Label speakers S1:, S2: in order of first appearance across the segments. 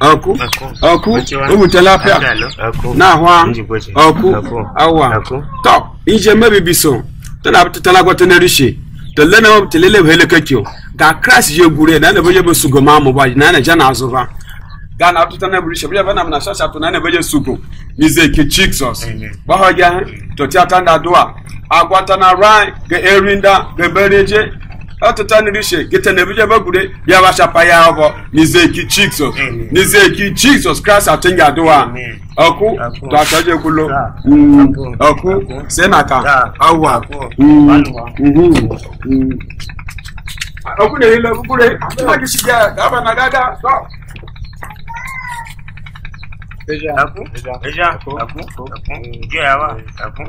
S1: ọkụ ọkụ ewutela apịa na-ahụ ọkụ awa tọ ije mebibi so tana gwatana rishi tele na mabta lele bụ elekekio ga kras je gwure na na-ebeje bụ sugo ma amụba na na-eje na azụva ga na atụta na burisha bụja bana na shasha tụ na na-ebeje sugo mizeki chiksos gbahọja totiata tanda dua agwata na rai ga erinda ga ebereje ọtụtụ nrishe gịtanebujebegwure bịa wachapa ya ọbọ n'izeki jizọs n'izeki jizọs kraịst atụnye adụwa ọkụ dọkọje kwulo ọkụ senata ọwa ọkụ na-ehile okpukpere agishiga gaba na gaga
S2: Eja, eja, eja, akun, akun, akun, eh. jẹ́ àwa, akun.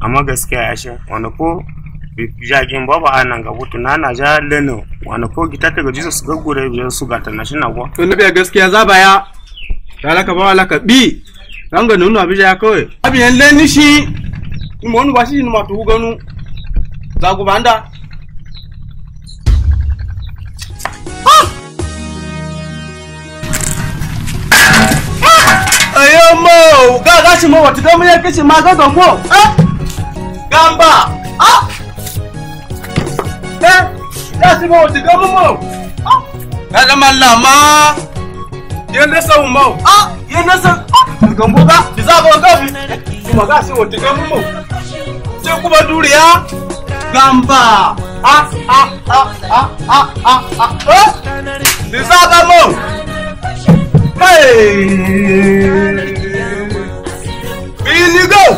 S2: amma gaskiya ya sha wani ko jagin babu a nan gabu tuna na ja leno wani ko gita ta gaji su gaggure biyar su gata na shina kuwa. tun biya gaskiya za ba ya ta laka ba laka bi ran ga nuna abin ya kawai. abin yan leni shi
S3: in wani ba shi ni ma tuhu ganu za ku banda. Ah! Ah! ayo mo ga ga shi mo wata domin ya kishi ma ga Ah! gamba ah tẹ yasi mo ti gamu ah! mo ah yàtọ̀ ma là ma yé ne sẹ́wọ̀n ma o ah yé ne sẹ́wọ̀n ah gambo ka bisa ko ka bi kuma ka si o ti gamu mo ṣé kúbọ̀ dúró ya gamba ah ah ah ah ah ah ah ah bisa gamu hey. Bini go!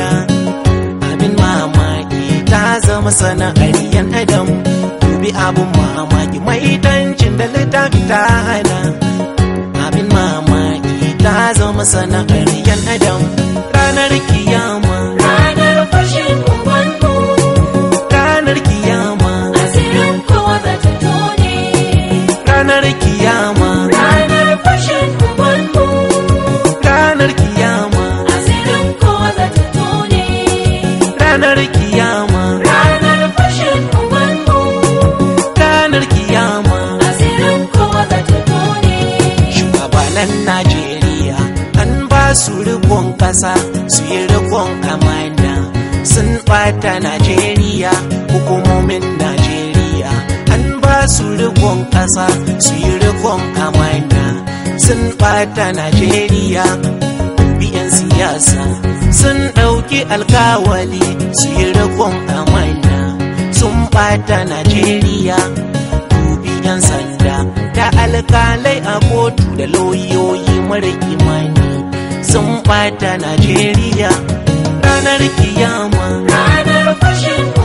S4: masana'ar yan adam dubi abin mamaki mai dancin da littafi ta hana abin mamaki ta zama sana'ar yan adam ranar kiyama ranar fashin ubanku ranar kiyama asirin kowa da tuto ne ranar kiyama ranar fashin ubanku ranar kiyama asirin kowa da tuto ranar kiyama su rikon ƙasa su yi rikon amana sun ɓata najeriya hukumomin najeriya an ba su rikon ƙasa su yi rikon amana sun ɓata najeriya biyan siyasa sun ɗauki alkawali su yi rikon amana sun ɓata najeriya yan sanda da alkalai a kotu da lauyoyi mara sun ɓata Najeriya ranar kiyama ranar fashin